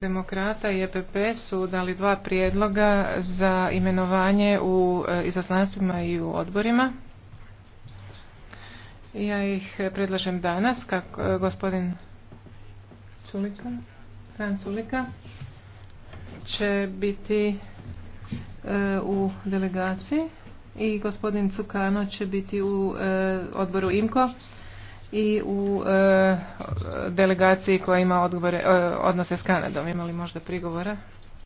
Demokrata i EPP su dali dva prijedloga za imenovanje u e, izaslanstvima i u odborima. Ja ih e, predlažem danas, kako e, gospodin Culika, Fran Culika će biti u delegaciji i gospodin Cukano će biti u odboru IMKO i u delegaciji koja ima e, odnose s Kanadom. Imali možda prigovora?